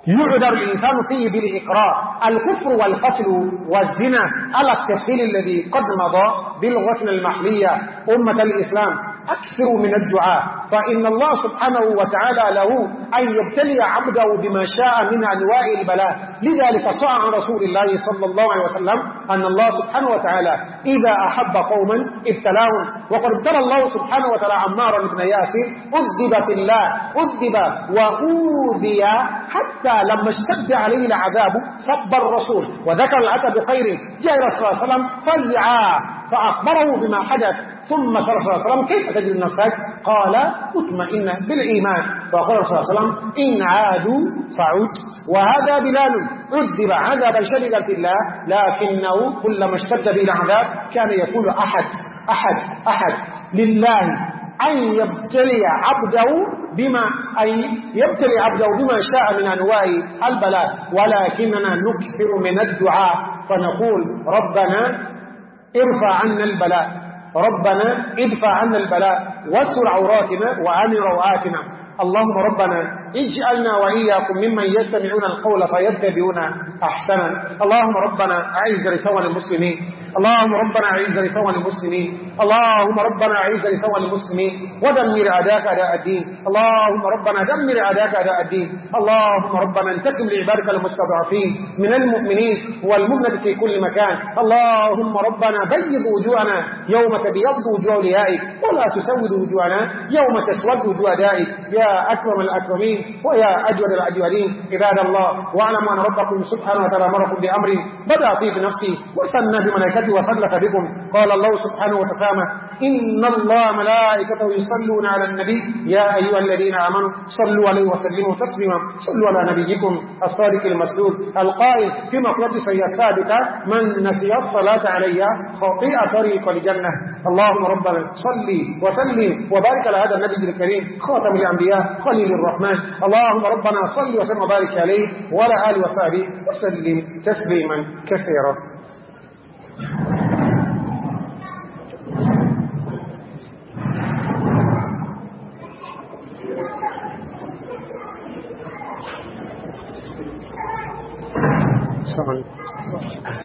يعذر الإنسان فيه بالإقرار الكفر والقتل والزنا على التفصيل الذي قد مضى بلغتنا المحلية أمة الإسلام أكثر من الدعاء فإن الله سبحانه وتعالى له أن يبتلي عبده بما شاء من أنواع البلاء لذلك صاع عن رسول الله صلى الله عليه وسلم أن الله سبحانه وتعالى إذا أحب قوما ابتلاهم وقد ابتلى الله سبحانه وتعالى عمارا بن ياسر أذب في الله أذب وأوذي حتى لما اشتد عليه العذاب صب الرسول وذكر الأتى بخير جاء رسول الله صلى الله عليه وسلم فزعا فأخبره بما حدث ثم قال صلى الله عليه وسلم كيف تجد نفسك قال اطمئن بالإيمان فقال صلى الله عليه وسلم إن عادوا فعد وهذا بلال عذب عذابا شديدا في الله لكنه كلما اشتد به العذاب كان يقول أحد أحد أحد لله أن يبتلي عبده بما أن يبتلي عبده بما شاء من أنواع البلاء ولكننا نكثر من الدعاء فنقول ربنا ارفع عنا البلاء ربنا ادفع عنا البلاء واستر عوراتنا وآمن روآتنا اللهم ربنا اجعلنا وإياكم ممن يستمعون القول فيتبعون أحسنا اللهم ربنا أعز لسوى المسلمين اللهم ربنا أعز لسوى المسلمين اللهم ربنا أعز لسوى المسلمين ودمر أداك أداء الدين اللهم ربنا دمر أداك أداء الدين اللهم ربنا انتكم لعبادك المستضعفين من المؤمنين والمهند في كل مكان اللهم ربنا بيض وجوهنا يوم تبيض وجوه لهائك ولا تسود وجوهنا يوم تسود وجوه دائك يا أكرم الأكرمين ويا أجود الأجودين عباد الله واعلموا أن ربكم سبحانه وتعالى أمركم بأمر بدأ فيه بنفسه وثنى بملائكته وفلف بكم قال الله سبحانه وتسامى إن الله ملائكته يصلون على النبي يا أيها الذين آمنوا صلوا عليه وسلموا تسليما صلوا على نبيكم الصادق المسلول القائل في مقلة سيئة ثابتة من نسي الصلاة علي خطيئة طريق لجنة اللهم ربنا صلي وسلم وبارك على هذا النبي الكريم خاتم الأنبياء خليل الرحمن اللهم ربنا صل وسلم وبارك عليه وعلى آله وصحبه وسلم تسليما كثيرا Thank